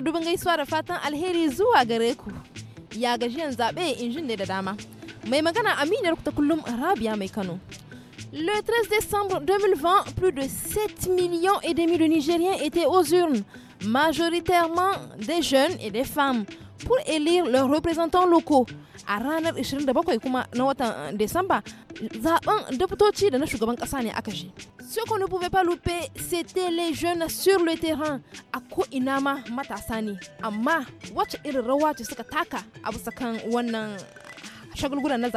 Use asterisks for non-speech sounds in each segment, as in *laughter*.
Le 13 décembre 2020, plus de 7 millions et demi de Nigériens étaient aux urnes, majoritairement des jeunes et des femmes, pour élire leurs représentants locaux a ranar 27 kuma na watan eh, Desamba zaben da na shugaban kasa ne aka shi. Ce qu'on ne pouvait pas louper, c'était les jeunes sur le terrain a ko ina ma matasa ne, amma wacce irin rawa ce suka taka a bisa kan wannan shagulgulan na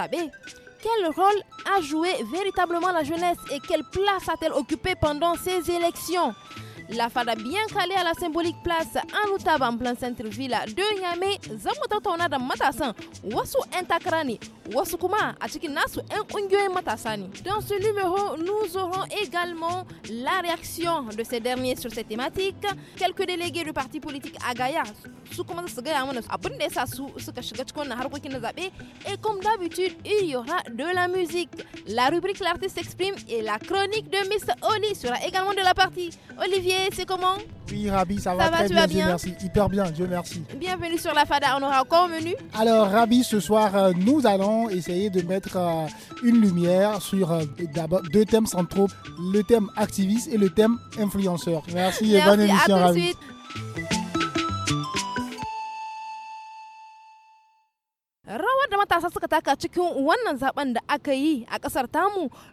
Quel rôle a joué véritablement la jeunesse et quelle place a-t-elle occupé pendant ces élections la fada bien calée à la symbolique place en Outaba en plein centre-ville de Nyame, zamuta tauna Matassan, matasan wasu 'yan kuma Dans ce numéro, nous aurons également la réaction de ces derniers sur cette thématique. Quelques délégués du parti politique à Gaïa, su gaya mana Et comme d'habitude, il y aura de la musique. La rubrique L'artiste s'exprime et la chronique de Miss Oli sera également de la partie. Olivier c'est comment Oui, Rabi, ça, va, ça va tu bien, vas bien Dieu merci. Hyper bien, Dieu merci. Bienvenue sur la FADA, on aura encore menu Alors, Rabi, ce soir, euh, nous allons essayer de mettre euh, une lumière sur euh, d'abord deux thèmes centraux, le thème activiste et le thème influenceur. Merci, et bonne émission, à Suite.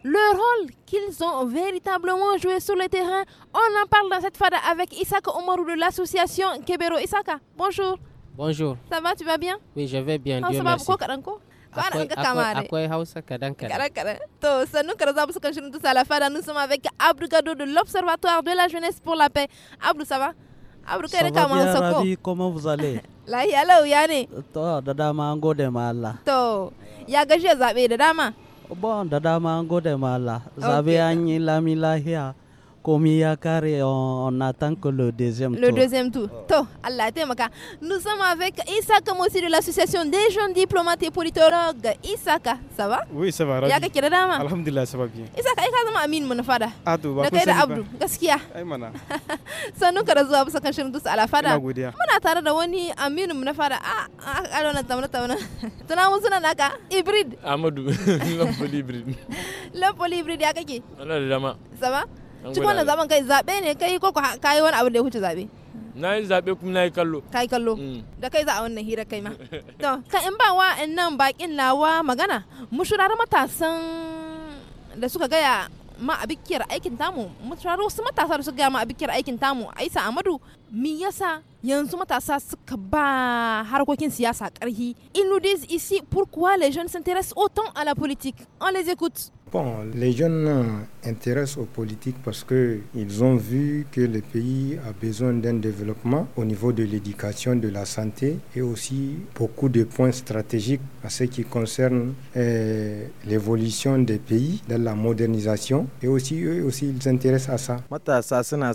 le rôle qu'ils ont véritablement joué sur le terrain on en parle dans cette fada avec Isaka Omaru de l'association Kebero Isaka bonjour bonjour ça va tu vas bien oui je vais bien Dieu merci akwai hausa kadan kadan to nous sommes avec de l'Observatoire de la jeunesse pour la paix ça va Comment vous allez La yalo yani. To dada ma ango de mala. To ya gaje zabe dada ma. Bon dada ma ango de mala. Zabe okay. anyi la mila here. Komiyakar on, attend que le deuxième tour. Le deuxième tour. Oh. Allah Nous sommes avec Isaka Mossi de l'association des jeunes diplomates et politologues. Isaka, ça va Oui, ça va. Yaka là Alhamdulillah, ça va bien. Isaka, Ika Zama Amin Manafada. Ado, Bakou Sani. Abdou, Gaskiya. Aymana. *laughs* Sanu Karazuwa Busa Kanshin Dus Alafada. Ina godiya. Muna tare da wani Aminu Manafada. Ah, ah, alona tamna tamna. *laughs* Tuna mun suna naka hybrid. Amadu, lampol *laughs* hybrid. Lampol hybrid ya kake? Allah da dama. Ça va cikin wannan zaben kai zabe ne kai ko ka yi wani abu da ya huce zabe na yi zabe kuma na yi kallo ka yi kallo mm. da kai za a wannan hira kai ma *laughs* to ka in ba wa in nan bakin nawa magana mushurar matasan da suka gaya ma a bikiyar aikin tamu mutraro wasu matasa da suka gaya ma a bikiyar aikin tamu aisa amadu mi yasa yanzu matasa suka ba harkokin siyasa karhi inu dis isi pourquoi les jeunes s'intéressent autant à la politique on les écoute Bon, les jeunes intéressent aux politiques parce qu'ils ont vu que le pays a besoin d'un développement au niveau de l'éducation, de la santé et aussi beaucoup de points stratégiques à ce qui concerne euh, l'évolution des pays, de la modernisation et aussi eux aussi ils s'intéressent à ça. suna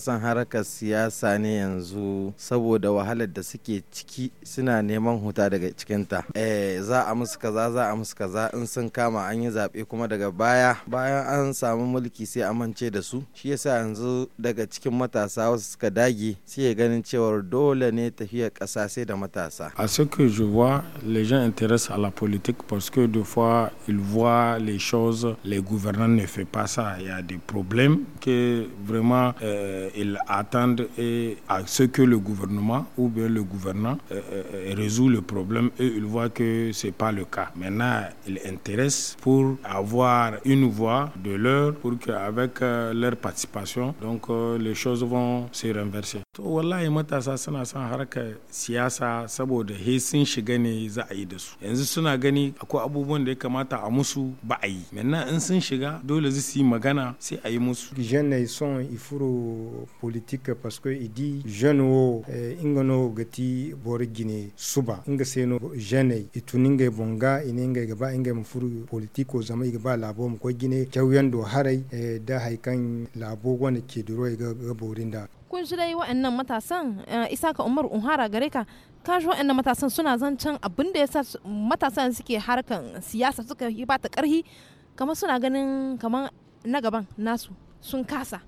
à ce que je vois les gens intéressent à la politique parce que des fois ils voient les choses les gouvernants ne font pas ça il y a des problèmes que vraiment euh, ils attendent et à ce que le gouvernement ou bien le gouvernant euh, euh, résout le problème et ils voient que c'est pas le cas maintenant ils intéressent pour avoir une une voix de l'heure pour qu'avec euh, leur participation, donc euh, les choses vont se renverser. To wallahi matasa suna son harkar siyasa saboda he sun shiga ne za a yi da su. Yanzu suna gani akwai abubuwan da ya kamata a musu ba a yi. Maintenant in sun shiga dole su yi magana sai a yi musu. Jeunes ils sont ifuro politique parce que il dit jeune wo eh, ingano gati bor gine suba inga seno jeune ituninga bonga ininga gaba inga furu politique zama ba labo ko gine kyauyen do harai eh, da haikan labo wani ke duro ga gaborin da kun shi dai wa'annan matasan eh, isaka umar unhara gare ka ka ji wa'annan matasan suna zancen abin da yasa matasan suke harkan siyasa suka yi bata karhi kamar suna ganin kamar na gaban nasu sun kasa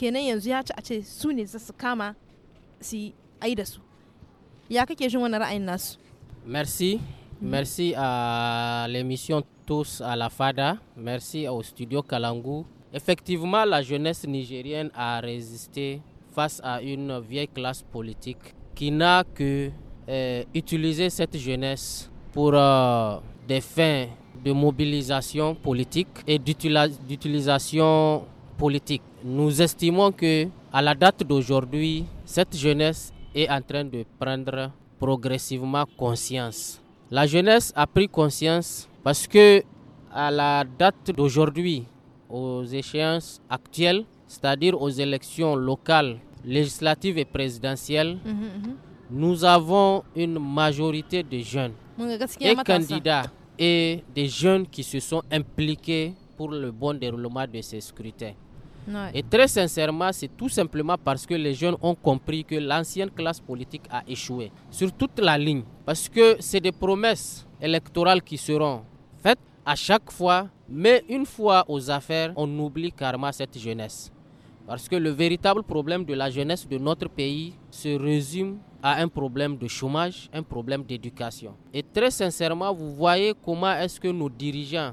kenan yanzu ya ci a ce su ne su kama su yi da su ya kake jin wani ra'ayin nasu merci merci a l'émission tous à la FADA, merci au studio Kalangu. Effectivement, la jeunesse nigérienne a résisté face à une vieille classe politique qui n'a que euh, utilisé cette jeunesse pour euh, des fins de mobilisation politique et d'utilisation politique. Nous estimons que à la date d'aujourd'hui, cette jeunesse est en train de prendre progressivement conscience. La jeunesse a pris conscience parce que à la date d'aujourd'hui, aux échéances actuelles, c'est-à-dire aux élections locales, législatives et présidentielles, mhm, mhm. nous avons une majorité de jeunes et candidats et des jeunes qui se sont impliqués pour le bon déroulement de ces scrutins. Et très sincèrement, c'est tout simplement parce que les jeunes ont compris que l'ancienne classe politique a échoué sur toute la ligne. Parce que c'est des promesses électorales qui seront fait, à chaque fois, mais une fois aux affaires, on oublie carrément cette jeunesse. Parce que le véritable problème de la jeunesse de notre pays se résume à un problème de chômage, un problème d'éducation. Et très sincèrement, vous voyez comment est-ce que nos dirigeants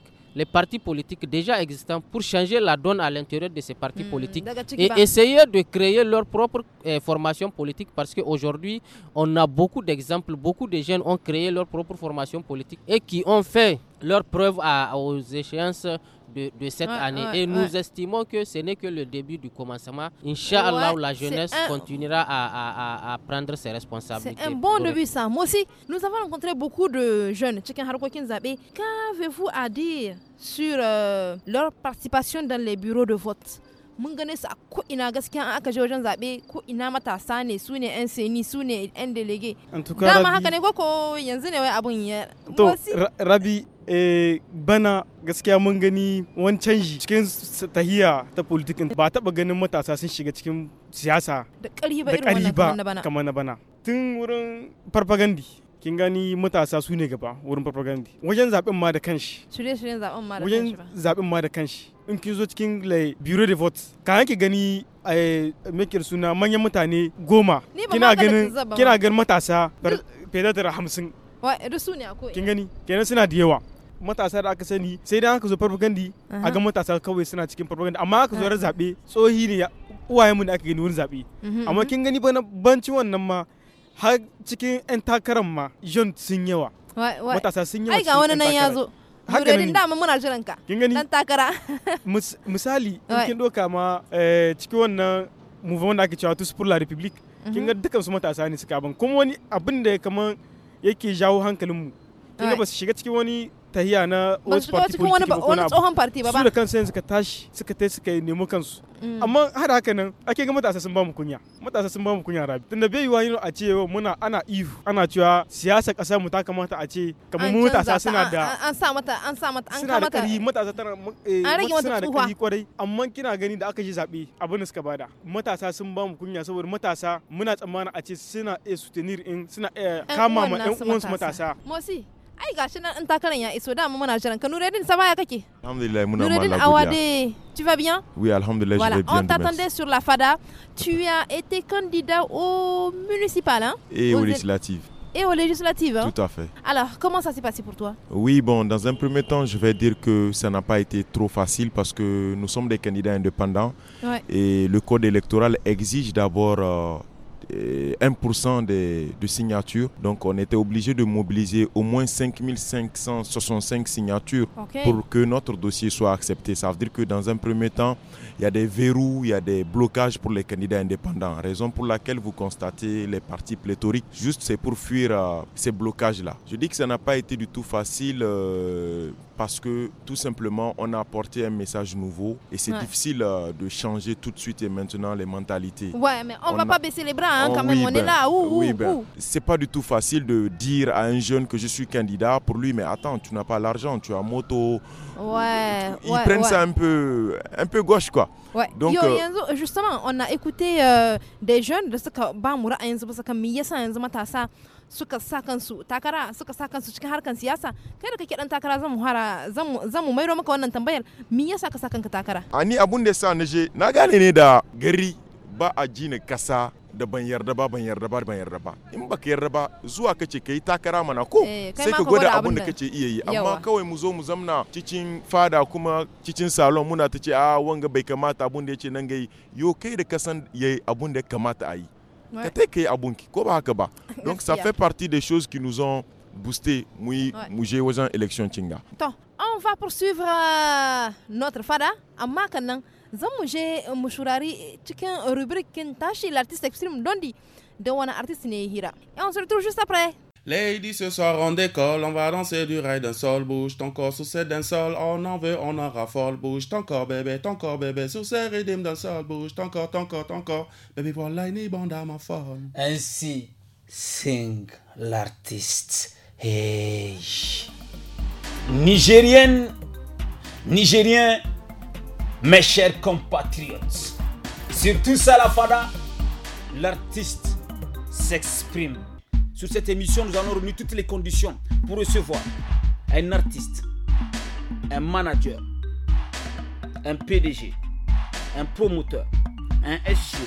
les partis politiques déjà existants pour changer la donne à l'intérieur de ces partis hmm, politiques et essayer de créer leur propre euh, formation politique parce qu'aujourd'hui, on a beaucoup d'exemples, beaucoup de jeunes ont créé leur propre formation politique et qui ont fait leur preuve aux échéances de, cette année. Et nous estimons que ce n'est que le début du commencement. Inch'Allah, la jeunesse continuera à, à, à, prendre ses responsabilités. C'est un bon début, ça. Moi aussi, nous avons rencontré beaucoup de jeunes. Qu'avez-vous à dire sur euh, leur participation dans les bureaux de vote mun tout su a ko'ina je wajen zaɓe Eh, bana gaskiya mun gani wani canji cikin tahiya ta politikin ba taɓa ganin matasa sun shiga cikin siyasa da ƙari ba kamar na bana tun wurin farfagandi kin gani matasa su ne gaba wurin farfagandi. wajen zaben ma da kanshi zaben ma da kanshi wajen zaben ma da kanshi in kin zo cikin lai bureau de vote ka yanke gani a eh, mekir suna manyan mutane goma kina ganin kina ganin matasa fedatar hamsin wa su ne akwai kin gani kenan suna da yawa mata matasa da aka sani sai dan aka zo farfagandi a ga matasa kawai suna cikin farfagandi amma aka zo zabe tsohi ne uwaye mu da aka gani wurin zabe mhm, amma mhm. kin gani ba bana banci wannan ma har cikin 'yan takaran ma jon sun yawa matasa sun yawa ai ga wani nan ya zo haka ne dama muna jiran ka kin gani dan takara *laughs* misali kin doka ma eh, cikin wannan movement da ake cewa tous pour la république kin ga mhm. dukkan su matasa ne suka ban kuma wani abin da kamar yake jawo hankalin mu kin ga ba su shiga cikin wani tahiya na wasu party cikin wani tsohon party ba su da kansu suka tashi suka tai suka nemi kansu mm. amma har haka nan ake ga matasa sun ba mu kunya matasa sun ba mu kunya rabi tunda bai yiwa yin a ce muna ana ihu ana cewa siyasar kasar mu ta kamata a ce kamar mu matasa suna da an sa mata an sa mata an kama kari matasa tana eh, an rage mata kwarai amma kina gani da aka ji zabe abin da suka bada matasa sun ba mu kunya saboda matasa muna tsammana a ce suna iya sutenir in suna kama ma yan uwansu matasa Alhamdulillah tu vas bien Oui Alhamdulillah je vais bien on t'attendait sur la FADA tu as été candidat au municipal hein et au législatives et aux législatives. Hein? Tout à fait. Alors, comment ça s'est passé pour toi Oui, bon, dans un premier temps, je vais dire que ça n'a pas été trop facile parce que nous sommes des candidats indépendants et le code électoral exige d'abord euh, 1% de, signatures. Donc on était obligé de mobiliser au moins 5565 signatures pour que notre dossier soit accepté. Ça veut dire que dans un premier temps, il y a des verrous, il y a des blocages pour les candidats indépendants. Raison pour laquelle vous constatez les partis pléthoriques. Juste c'est pour fuir euh, ces blocages-là. Je dis que ça n'a pas été du tout facile euh, parce que tout simplement on a apporté un message nouveau et c'est difficile euh, de changer tout de suite et maintenant les mentalités. Ouais, mais on, ne va pas baisser les bras hein, oh, quand oui, même, on ben, est là. Ouh, oui, ben. C'est pas du tout facile de dire à un jeune que je suis candidat pour lui, mais attends, tu n'as pas l'argent, tu as moto. Ouais. Ils ouais, prennent ouais. ça un peu, un peu gauche, quoi. Ouais. Donc, Yo, euh, justement, on a écouté euh, des jeunes de ce que Bamura a dit, suka sa kansu takara suka sa kansu cikin harkan siyasa kai da kake dan takara zan muhara zan mu mairo maka wannan tambayar me yasa ka sa kanka takara ani abun da sa na je na gane ne da gari ba a ji ni kasa da ban yarda ba ban yarda ba ban yarda ba in baka yarda ba zuwa kace kai takara mana ko eh, sai ka gwada abin da kace iya yi amma kawai mu zo mu zamna cikin fada kuma cikin salon muna ta ce a wanga bai kamata abun da yace nan gai yo kai da kasan yayi abun da kamata a yi ka tai kai abun ki ko ba haka ba *laughs* donc ça fait hein. partie des choses qui nous ont boosté mu muje wajen election cinga to on va poursuivre euh, notre fada amma kan nan zan je mushurari shurari cikin rubrikin tashi l'artiste extreme dondi de wani artiste ne hira et on se retrouve juste après Lady, ce soir on décolle, on va danser du rail d'un sol, bouge ton corps sous cette d'un sol, on en veut, on en raffole, bouge ton corps bébé, ton corps bébé, sous ces rythmes d'un sol, bouge ton corps, ton corps, ton corps, bébé voilà une bande à ma folle. Ainsi, sing l'artiste. Hey. Nigérienne, Nigérien, mes chers compatriotes. Sur tout ça, la fada, l'artiste s'exprime. Sur cette émission, nous allons remis toutes les conditions pour recevoir un artiste, un manager, un PDG, un promoteur, un SEO,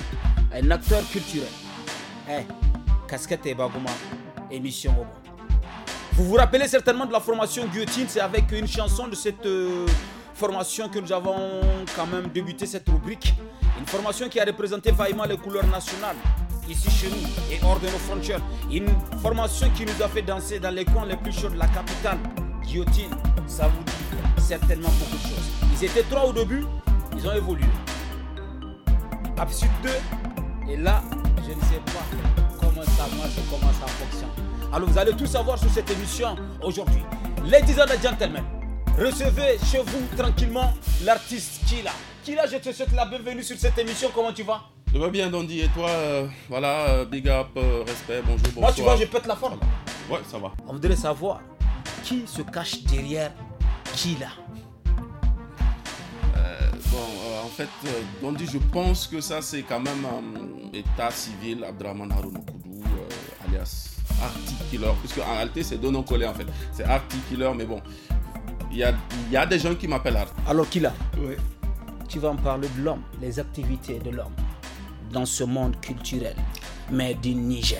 un acteur culturel. Eh, casquette et bagouma, émission au Vous vous rappelez certainement de la formation Guillotine, c'est avec une chanson de cette. Euh, formation que nous avons quand même débuté cette rubrique. Une formation qui a représenté vaillamment les couleurs nationales ici chez nous et hors de nos frontières. Une formation qui nous a fait danser dans les coins les plus chauds de la capitale. Guillotine, ça vous dit certainement beaucoup de choses. Ils étaient trois au début, ils ont évolué. Absurde 2, et là, je ne sais pas comment ça marche et comment ça fonctionne. Alors vous allez tout savoir sur cette émission aujourd'hui. Ladies and gentlemen, Recevez chez vous tranquillement l'artiste Kila. Kila, je te souhaite la bienvenue sur cette émission. Comment tu vas Je vais bien, Dondi. Et toi, euh, voilà, euh, big up, euh, respect, bonjour, bonsoir. Moi, tu vois, je pète la forme. Ouais, ça va. On voudrait savoir qui se cache derrière Kila. bon, en fait, Dondi, je pense que ça, c'est quand même un état civil, Abdraman Haroun alias Killer, puisque en réalité c'est deux noms en fait. C'est Killer, mais bon, il y a, des gens qui m'appellent Art. Alors qu'il a oui. Tu vas en parler de l'homme, les activités de l'homme dans ce monde culturel, mais du Niger.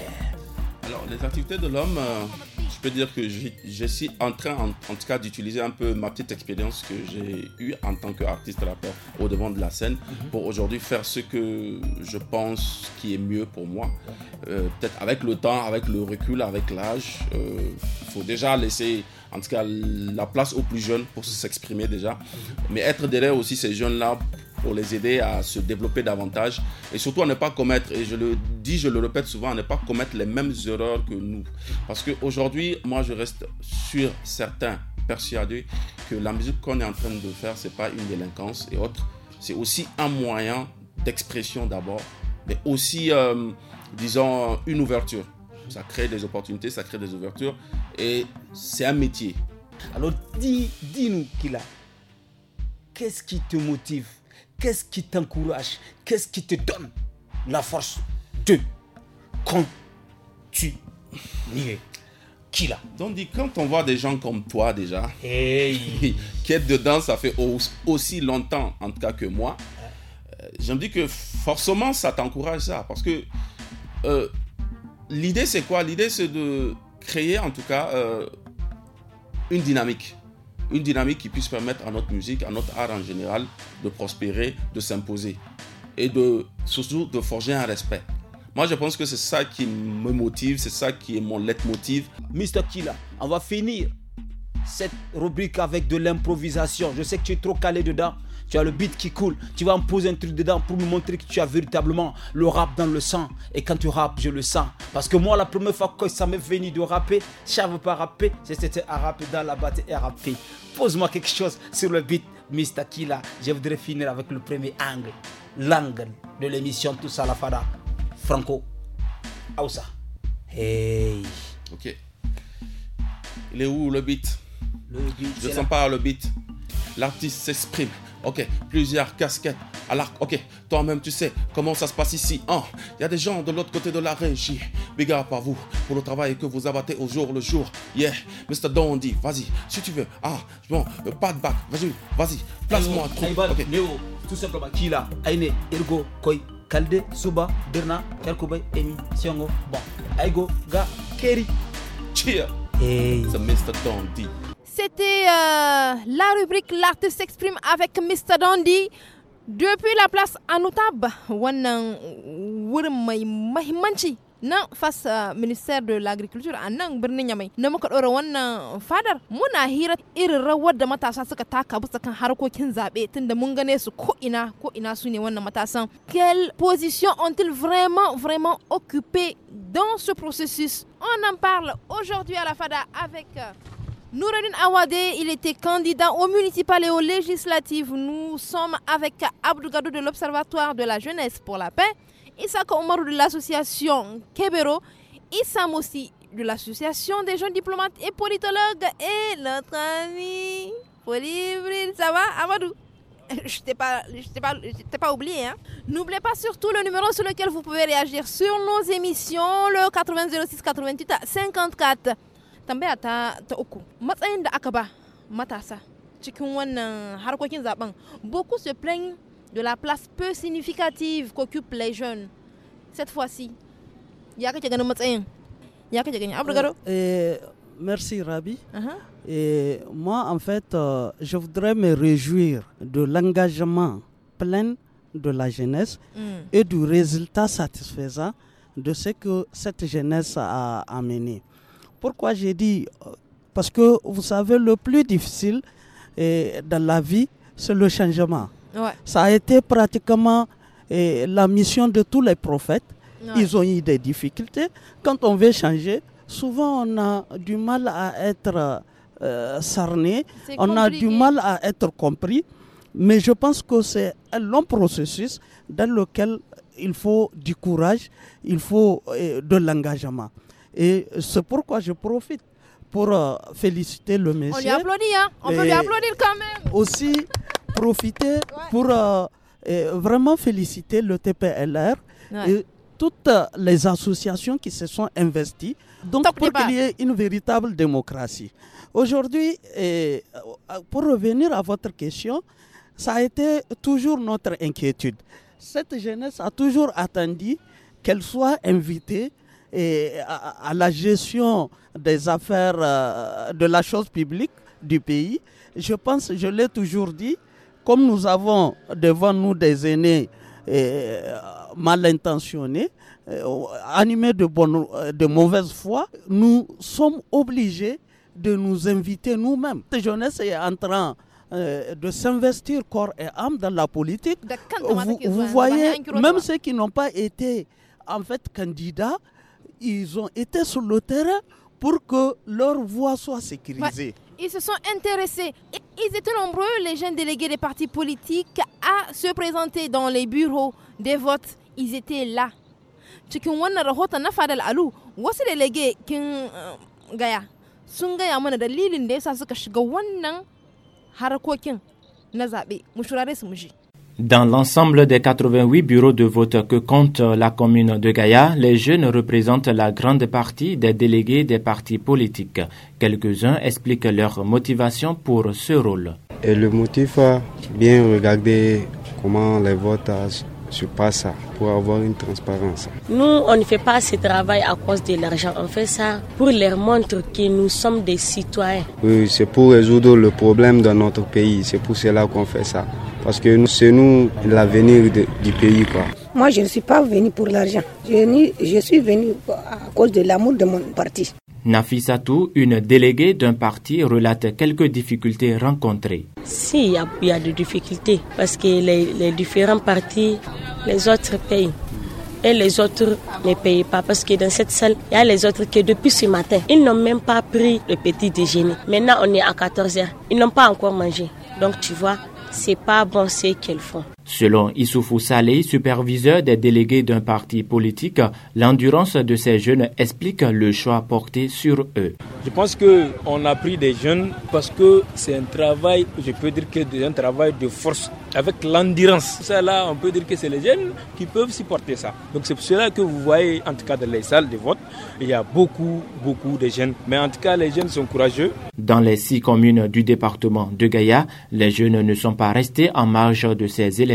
Alors, les activités de l'homme, euh, je peux dire que je, suis en train, en, tout cas, d'utiliser un peu ma petite expérience que j'ai eue en tant qu'artiste rappeur au devant de la scène mhm. pour aujourd'hui faire ce que je pense qui est mieux pour moi. Euh, peut-être avec le temps, avec le recul, avec l'âge, il euh, faut déjà laisser en tout cas la place aux plus jeunes pour s'exprimer déjà, mais être derrière aussi ces jeunes-là pour les aider à se développer davantage et surtout ne pas commettre, et je le dis, je le répète souvent, ne pas commettre les mêmes erreurs que nous. Parce qu'aujourd'hui, moi je reste sur certain, persuadé que la musique qu'on est en train de faire, c'est pas une délinquance et autres. C'est aussi un moyen d'expression d'abord, mais aussi, euh, disons, une ouverture. Ça crée des opportunités, ça crée des ouvertures. Et c'est un métier. Alors dis, dis-nous, Kila, qu'est-ce qui te motive Qu'est-ce qui t'encourage Qu'est-ce qui te donne la force de continuer Kila. Donc dit, quand on voit des gens comme toi déjà, *laughs* qui est dedans, ça fait aussi longtemps en tout cas que moi, euh, je me dis que forcément ça t'encourage ça. Parce que euh, l'idée c'est quoi L'idée c'est de créer en tout cas euh, une dynamique. Une dynamique qui puisse permettre à notre musique, à notre art en général, de prospérer, de s'imposer et de, surtout de forger un respect. Moi, je pense que c'est ça qui me motive, c'est ça qui est mon leitmotiv. Mr. Kila, on va finir cette rubrique avec de l'improvisation. Je sais que tu es trop calé dedans tu as le beat qui coule, tu vas me poser un truc dedans pour me montrer que tu as véritablement le rap dans le sang. Et quand tu rapes je le sens. Parce que moi, la première fois que ça m'est venu de rapper, je savais pas rapper, c'était à rapper dans la batte et rapper. Pose-moi quelque chose sur le beat, Mr. Killa. Je voudrais finir avec le premier angle, l'angle de l'émission tout ça la Fada. Franco, ça? Hey. Ok. Il est où le beat, le beat Je sens pas le beat. L'artiste s'exprime ok, plusieurs casquettes à l'arc, ok, toi-même tu sais comment ça se passe ici, hein. Il y a des gens de l'autre côté de la régie, big up à vous pour le travail que vous abattez au jour le jour, yeah, Mr. Dondi, vas-y, si tu veux, ah, bon, pas de bac, vas-y, vas-y, place-moi un truc, ok. Néo, tout simplement, Kila, Aine, Ergo, Koi, Kalde, Suba, Berna, Kerkoubay, Emi, Siongo, bon, Aigo, Ga, keri. cheer, hey. c'est Mr. Dondi. C'était euh, la rubrique l'art s'exprime avec Mr. Dandy. Depuis la place Anoutab, wannan wurin mai mahimmanci face ministère de l'agriculture a nan birnin Yamai na muka ɗora wannan fadar muna hira irin rawar da matasa suka taka bisa kan harkokin kinzabe tunda mun gane su ko ina ko ina su ne wannan matasan. Quelle position ont-ils vraiment vraiment occupé dans ce processus? On en parle aujourd'hui à la fada avec euh, Nouradine Awadé, il était candidat au municipal et aux législatives. Nous sommes avec Abdou Gadou de l'Observatoire de la jeunesse pour la paix, Issa Omar de l'association Kebero, Issam aussi de l'association des jeunes diplomates et politologues et notre ami Ça va, *laughs* je t'ai pas, pas, oublié. Hein. N'oubliez pas surtout le numéro sur lequel vous pouvez réagir sur nos émissions, le 80 06 88 54 beaucoup se plaignent de la place peu significative qu'occupent les jeunes cette fois-ci ya matsayin ya eh, eh, Merci Rabi. Eh, moi, en fait, euh, je voudrais me réjouir de l'engagement plein de la jeunesse mm. et du résultat satisfaisant de ce que cette jeunesse a amené. Pourquoi j'ai dit euh, Parce que vous savez, le plus difficile eh, dans la vie, c'est le changement. Ça a été pratiquement eh, la mission de tous les prophètes. Ils ont eu des difficultés. Quand on veut changer, souvent on a du mal à être euh, sarné, on a du mal à être compris. Mais je pense que c'est un long processus dans lequel il faut du courage, il faut eh, de l'engagement. Et c'est pourquoi je profite pour euh, féliciter le monsieur. On lui hein. On peut lui applaudir quand même. Aussi profiter *laughs* pour euh, vraiment féliciter le TPLR et toutes les associations qui se sont investies donc pour qu'il y ait une véritable démocratie. Aujourd'hui, euh, pour revenir à votre question, ça a été toujours notre inquiétude. Cette jeunesse a toujours attendu qu'elle soit invitée et à, la gestion des affaires euh, de la chose publique du pays. Je pense, je l'ai toujours dit, comme nous avons devant nous des aînés euh, mal intentionnés, euh, animés de, de mauvaise foi, nous sommes obligés de nous inviter nous-mêmes. Cette jeunesse est en train de s'investir corps et âme dans la politique. Vous, vous voyez, même ceux qui n'ont pas été en fait candidats, ils ont été sur le terrain pour que leur voix soit sécurisée. Ils se sont intéressés. Ils étaient nombreux, les jeunes délégués des partis politiques, à se présenter dans les bureaux des votes. Ils étaient là. Dans l'ensemble des 88 bureaux de vote que compte la commune de Gaïa, les jeunes représentent la grande partie des délégués des partis politiques. Quelques-uns expliquent leur motivation pour ce rôle. Et le motif, euh, bien regarder comment les votes euh, je pas ça pour avoir une transparence. Nous, on ne fait pas ce travail à cause de l'argent. On fait ça pour leur montrer que nous sommes des citoyens. Oui, c'est pour résoudre le problème dans notre pays. C'est pour cela qu'on fait ça. Parce que c'est nous l'avenir du pays. Quoi. Moi, je ne suis pas venu pour l'argent. Je, je suis venu à cause de l'amour de mon parti. Nafisatou, une déléguée d'un parti, relate quelques difficultés rencontrées. Si, il y, a des difficultés, parce que les, différents partis, les autres payent et les autres ne payent pas parce que dans cette salle, il y a les autres qui depuis ce matin, ils n'ont même pas pris le petit déjeuner. Maintenant, on est à 14h, ils n'ont pas encore mangé. Donc tu vois, c'est pas bon ce qu'ils font. Selon Issoufou Saleh, superviseur des délégués d'un parti politique, l'endurance de ces jeunes explique le choix porté sur eux. Je pense qu'on a pris des jeunes parce que c'est un travail, je peux dire que c'est un travail de force avec l'endurance. Cela, on peut dire que c'est les jeunes qui peuvent supporter ça. Donc c'est pour cela que vous voyez, en tout cas dans les salles de vote, il y a beaucoup, beaucoup de jeunes. Mais en tout cas, les jeunes sont courageux. Dans les six communes du département de Gaïa, les jeunes ne sont pas restés en marge de ces élections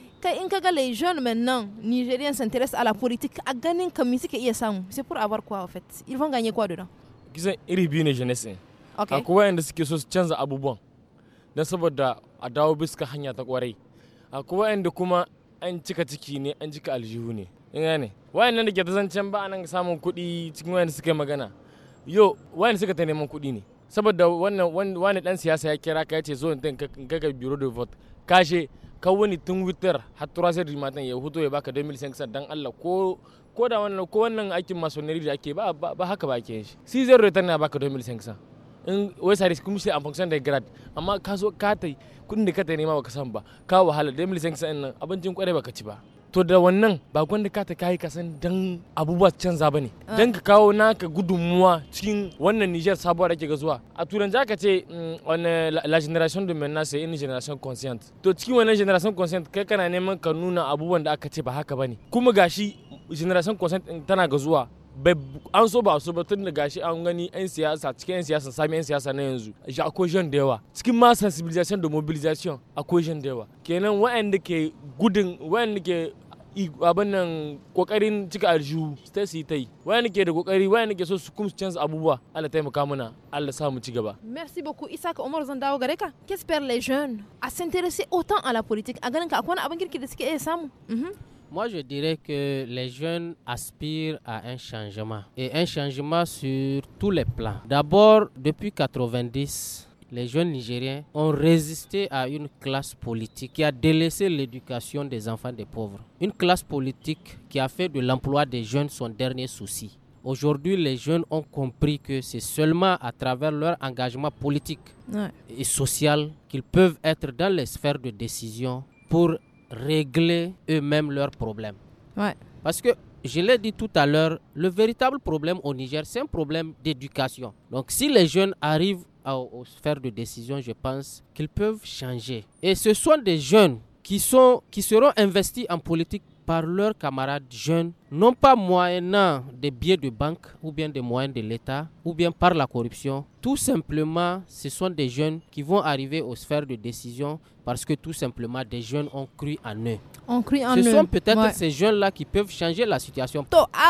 les jeunes maintenant, Nigériens s'intéressent à la politique, à gagner comme musique et c'est pour avoir quoi en fait Ils vont gagner quoi dedans Kisan iri biyu ne jeunesse ne. Akwai wayanda suke so su canza abubuwan don saboda a dawo bisa hanya ta kwarai. Akwai wayanda kuma an cika ciki ne an cika aljihu ne. Ina ne. nan da ke ta zancen ba nan samun kuɗi cikin wayanda suka magana. Yo, wayanda suka ta neman kuɗi ne. Saboda wannan wani dan siyasa ya kira ka ya ce zo in ka ga biro de vote. Kashe kawani tun witar har du matin ya huto ya baka 2500 dan Allah ko ko da wannan ko wannan aikin masonari da ake ba ba haka ba ke shi si zero return na baka 2500 in wai sare kuma shi an function da grad amma ka zo ka tai kudin da ka tai nema baka san ba ka wahala 2500 din nan abincin kwarai baka ci ba to da wannan ba gwanda ka ta kayi kasan dan abubuwa canza bane dan ka kawo naka gudunmuwa cikin wannan Niger sabuwa da ke ga zuwa a turanci aka ce on mm, la generation de maintenant c'est une generation consciente to cikin wannan generation consciente kai kana neman ka nuna abubuwan da aka ce ba haka bane kuma gashi generation consciente tana ga zuwa an so ba so ba tun da gashi an gani 'yan siyasa cikin 'yan siyasa sami 'yan siyasa na yanzu shi akwai jan da yawa cikin ma sensibilization da mobilization akwai jan da yawa kenan wa'anda ke gudun wa'anda ke abin nan kokarin cika aljihu ta su ta yi wani ke da kokari wani ke so su kuma canza abubuwa Allah taimaka mana Allah sa mu ci gaba merci beaucoup Isaka Umar zan dawo gare ka qu'est-ce les jeunes à s'intéresser autant à la politique a ganin ka akwai wani abin kirki da suke iya samu Moi, je dirais que les jeunes aspirent à un changement et un changement sur tous les plans. D'abord, depuis 90, les jeunes Nigériens ont résisté à une classe politique qui a délaissé l'éducation des enfants des pauvres. Une classe politique qui a fait de l'emploi des jeunes son dernier souci. Aujourd'hui, les jeunes ont compris que c'est seulement à travers leur engagement politique et social qu'ils peuvent être dans les sphères de décision pour régler eux-mêmes leurs problèmes. Parce que, je l'ai dit tout à l'heure, le véritable problème au Niger, c'est un problème d'éducation. Donc, si les jeunes arrivent à, aux sphères de décision, je pense qu'ils peuvent changer. Et ce sont des jeunes qui, sont, qui seront investis en politique par leurs camarades jeunes, non pas moyennant des billets de banque ou bien des moyens de l'État ou bien par la corruption. Tout simplement, ce sont des jeunes qui vont arriver aux sphères de décision parce que tout simplement, des jeunes ont cru en eux. On cru en ce sont peut-être ces jeunes-là qui peuvent changer la situation.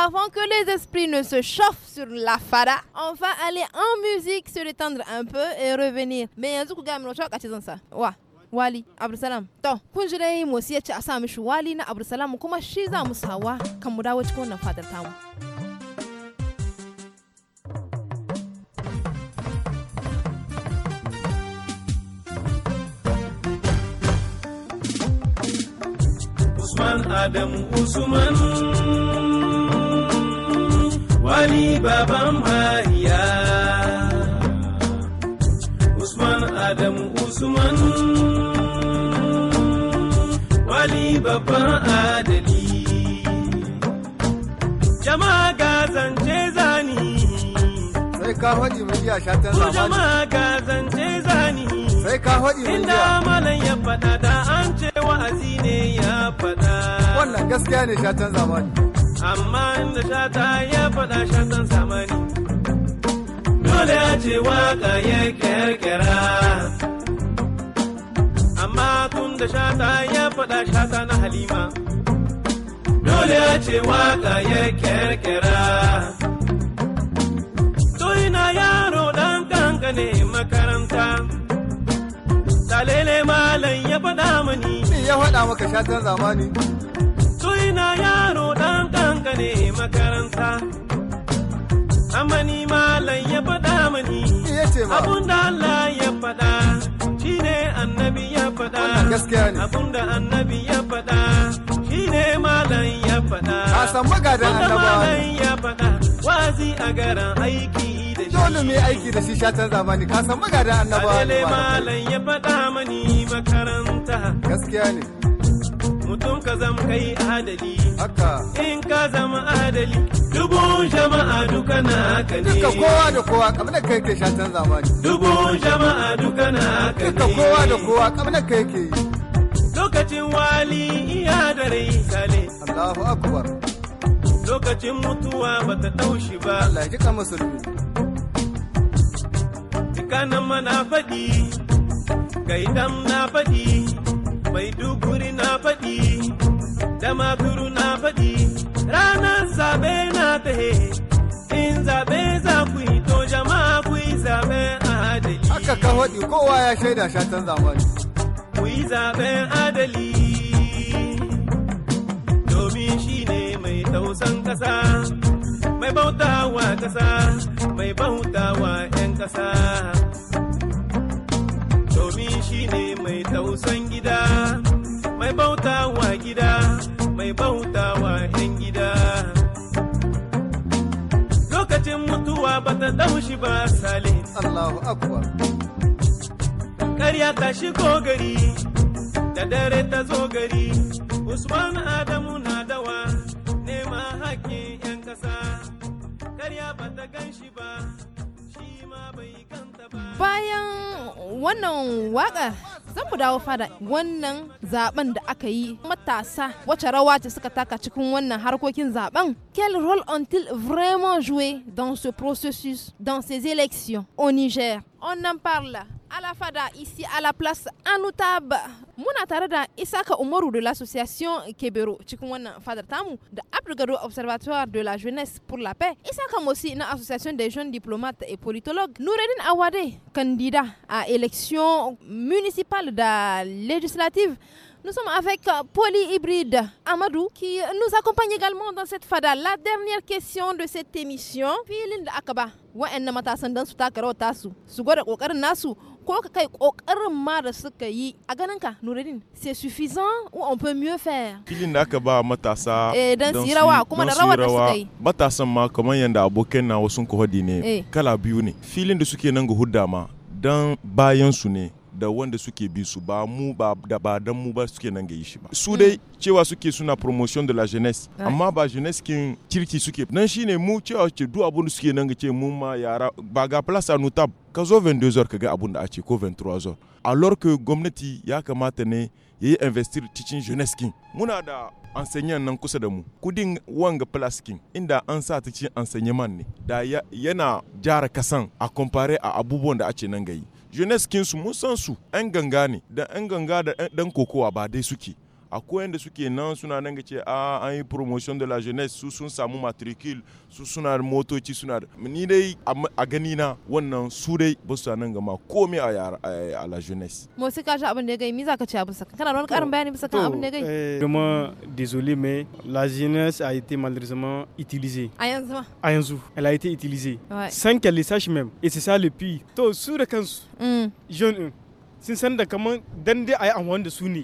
avant que les esprits ne se chauffent sur la fara, on va aller en musique, se détendre un peu et revenir. Mais il y a un truc qui ça. wali abdulsalam to kun ji dai motsi ya ce a sa mishi wali na abdulsalam kuma shi za mu sawa kan mu dawo cikin wannan fadar tamu Usman Adam Usman wali baban Mariya. Adamu Usman Wali babban adali Jama'a ga zance zani Sai ka faɗi murya shatan zamani Jama'a ga zance zani Sai ka faɗi murya Inda malam ya faɗa da an ce wa'azi ne ya faɗa Wannan gaskiya ne shatan zamani Amma inda shata ya faɗa shatan zamani dole ce waka ya kirkira amma tun da shata ya faɗa shata na halima dole ya ce waka ya kirkira ina yaro ɗan kankane makaranta talele malam ya faɗa mani me ya faɗa maka shatan zamani ina yaro ɗan kankane makaranta amani malam ya faɗa mani abun da Allah ya faɗa shine annabi ya faɗa abun da annabi ya faɗa shine ne malam ya faɗa wanda malam ya faɗa wazi a garan aiki dole mai aiki da shi shatan zamani ka san magada annabawa ne malam ya faɗa mani makaranta gaskiya ne mutum ka zama kai adali haka in ka zama adali naka ne duka kowa da kowa kamar da kai ke shatan zamani dubu jama'a duka naka ne duka kowa da kowa kamar da kai ke yi lokacin wali iya da rai sale Allahu akbar lokacin mutuwa bata taushi ba Allah ji ka musulmi dukkanin mana faɗi gaidam na faɗi mai duguri na faɗi damaturu na faɗi ranar zaɓe na tahe in zaɓe za ku yi to jama'a ku yi zaɓen adali. Haka ka faɗi kowa ya shaida shatan zamani. Ku yi zaɓen adali domin shi ne mai tausan ƙasa, mai bauta wa ƙasa, mai bauta wa 'yan ƙasa. Domin shi ne mai tausan gida, mai bauta wa gida, mai bauta wa 'yan gida. ba ta daushi ba sale Allahu akbar karya ta shigo gari da dare ta zo gari Usman Adamu na dawa nema hakkin yan kasa karya ba ta gan shi ba shi ma bai ganta ba bayan wannan waka quel rôle ont-ils vraiment joué dans ce processus dans ces élections au Niger on en parle à la FADA, ici à la place Anoutab. mon da Isaka de l'association Kebero cikin fadar tamu de Observatoire de la Jeunesse pour la Paix. Isaka aussi une association des jeunes diplomates et politologues. Noureddin Awade, candidat à élection municipale la législative. Nous sommes avec Polyhybride Amadou qui nous accompagne également dans cette fada. La dernière question de cette émission, akaba ko kokarin ma da suka yi a c'est suffisant ou on peut mieux faire filin matasa eh, dan kuma ma yanda na wasu ne eh. kala filin da suke hudda ma bayan su da wanda suke bi su ba mu ba da ba dan mu ba suke nan ga yi shi ba su mm. dai cewa suke suna promotion de la jeunesse amma ba jeunesse kin kirki suke nan shine mu cewa ce du abun suke nan ga ce mu ma yara ba ga place a nutab ka zo 22h ka ga abun da ce ko 23h alors que gwamnati ya kamata ne yayi investir cikin jeunesse kin muna da enseignant nan kusa da mu kudin wanga plaskin inda an sa ta ci enseignement ne da yana jara kasan a compare a abubuwan da ake nan gayi jeunesse kinsu mun san su 'yan ganga ne da 'yan ganga da 'yan kokowa ba dai suke akwai yadda suke nan suna nan ga ce a an yi promotion de la jeunesse su sun samu matricule su suna motoci suna ni dai a gani na wannan su dai ba su nan gama komai a a la jeunesse Moi c'est ka ji abin da ya gai mi za ka ci abin on kana da wani karin bayani bisa kan abin gai désolé mais la jeunesse a été malheureusement utilisée a yanzu elle a été utilisée sans qu'elle le sache même et c'est ça le pire to su da kansu mm. jeune sun san da kaman dan dai a yi de da su ne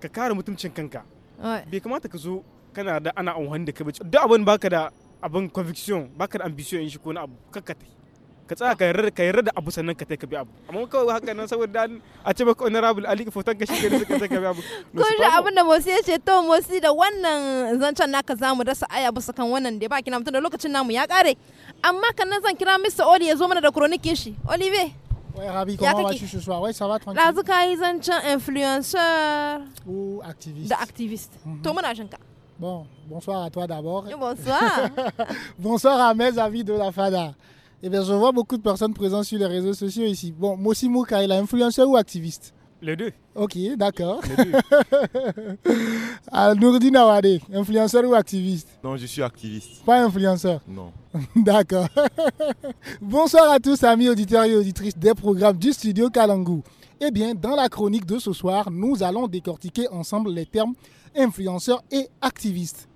ka kare mutuncin kanka bai kamata ka zo kana da ana amfani da ka bace duk abin baka da abin conviction baka da ambition shi ko na abu kakka tai ka tsaya ka yarda ka yarda da abu sannan ka tai ka bi abu amma kawai haka nan saboda dan a ce maka honorable ali ka fotan ka shi ne suka tai ka bi abu *laughs* ko shi abin da Mosi ya ce to Mosi da wannan zancen naka zamu dasa aya bisa kan wannan da baki na mutum da lokacin namu ya kare amma kan nan zan kira Mr. Oli ya zo mana da kronikin shi Olivier Ouais, Ravi, comment vas-tu ce soir Ouais, ça va tranquille. Là, est un influenceur. Ou activiste. Activiste. Mhm. Tout le monde Bon, bonsoir à toi d'abord. Bonsoir. *laughs* bonsoir à mes amis de la FADA. Eh bien, je vois beaucoup de personnes présentes sur les réseaux sociaux ici. Bon, Mosimou Mouka, il est influenceur ou activiste les deux. Ok, d'accord. *laughs* Ah, Nourdine Awade, influenceur ou activiste Non, je suis activiste. Pas influenceur Non. *laughs* D'accord. *laughs* Bonsoir à tous, amis auditeurs et auditrices des programmes du studio Kalangu. Eh bien, dans la chronique de ce soir, nous allons décortiquer ensemble les termes influenceur et activiste.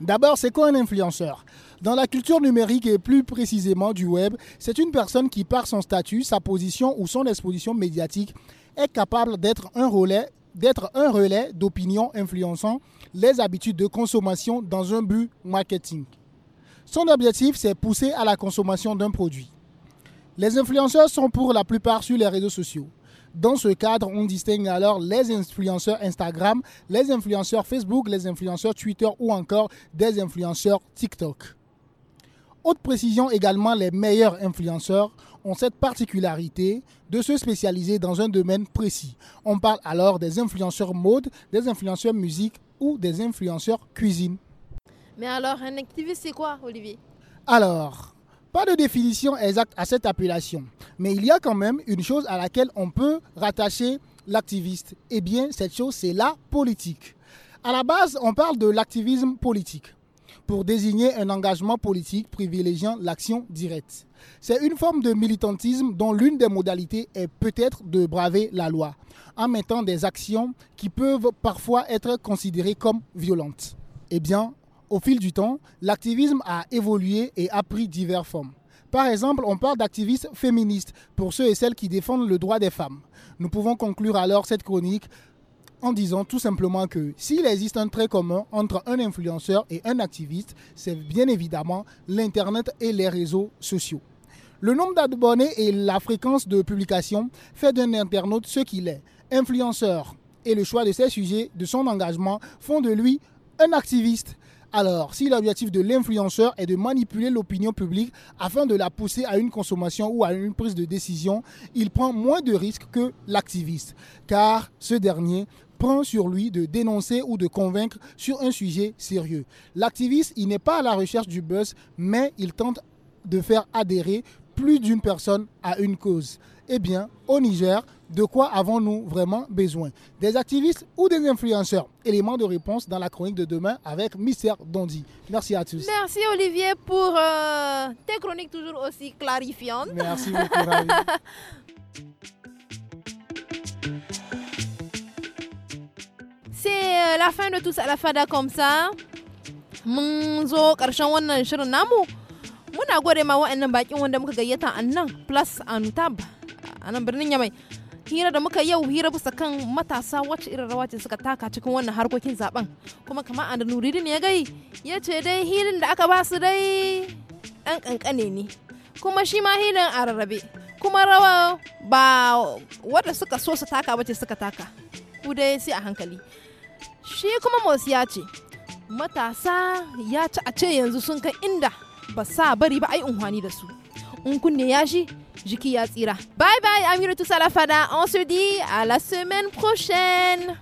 D'abord, c'est quoi un influenceur dans la culture numérique et plus précisément du web, c'est une personne qui, par son statut, sa position ou son exposition médiatique, est capable d'être un relais d'être un relais d'opinion influençant les habitudes de consommation dans un but marketing. Son objectif, c'est pousser à la consommation d'un produit. Les influenceurs sont pour la plupart sur les réseaux sociaux. Dans ce cadre, on distingue alors les influenceurs Instagram, les influenceurs Facebook, les influenceurs Twitter ou encore des influenceurs TikTok. Autre précision également, les meilleurs influenceurs ont cette particularité de se spécialiser dans un domaine précis. On parle alors des influenceurs mode, des influenceurs musique ou des influenceurs cuisine. Mais alors, un activiste, c'est quoi, Olivier Alors, pas de définition exacte à cette appellation, mais il y a quand même une chose à laquelle on peut rattacher l'activiste. Eh bien, cette chose, c'est la politique. À la base, on parle de l'activisme politique pour désigner un engagement politique privilégiant l'action directe. C'est une forme de militantisme dont l'une des modalités est peut-être de braver la loi, en mettant des actions qui peuvent parfois être considérées comme violentes. Eh bien, au fil du temps, l'activisme a évolué et a pris diverses formes. Par exemple, on parle d'activistes féministes pour ceux et celles qui défendent le droit des femmes. Nous pouvons conclure alors cette chronique en disant tout simplement que s'il existe un trait commun entre un influenceur et un activiste, c'est bien évidemment l'Internet et les réseaux sociaux. Le nombre d'abonnés et la fréquence de publication fait d'un internaute ce qu'il est, influenceur, et le choix de ses sujets, de son engagement, font de lui un activiste. Alors, si l'objectif de l'influenceur est de manipuler l'opinion publique afin de la pousser à une consommation ou à une prise de décision, il prend moins de risques que l'activiste, car ce dernier prend sur lui de dénoncer ou de convaincre sur un sujet sérieux. L'activiste, il n'est pas à la recherche du buzz, mais il tente de faire adhérer plus d'une personne à une cause. Eh bien, au Niger, de quoi avons-nous vraiment besoin Des activistes ou des influenceurs Élément de réponse dans la chronique de demain avec Mister Dondi. Merci à tous. Merci Olivier pour euh, tes chroniques toujours aussi clarifiantes. Merci beaucoup. *laughs* c'est euh, la fin de tous à la fada comme ça mun zo karshen wannan shirin namu muna gode ma wa'annan bakin wanda muka gayyata a nan plus tab a nan birnin yamai hira da muka yau hira bisa kan matasa wacce irin rawa ce suka taka cikin wannan harkokin zaben kuma kama a nuridi ya gai ya ce dai hilin da aka ba su dai ɗan ƙanƙane ne kuma shi ma hilin a rarrabe kuma rawa ba wadda suka so su taka bace suka taka ku dai sai a hankali shi kuma mos ya ce matasa ya ci a ce yanzu sun kai inda ba sa bari ba ai unhwani da su in kunne ya shi jiki ya tsira bye bye amiratu fada on se dit à la semaine prochaine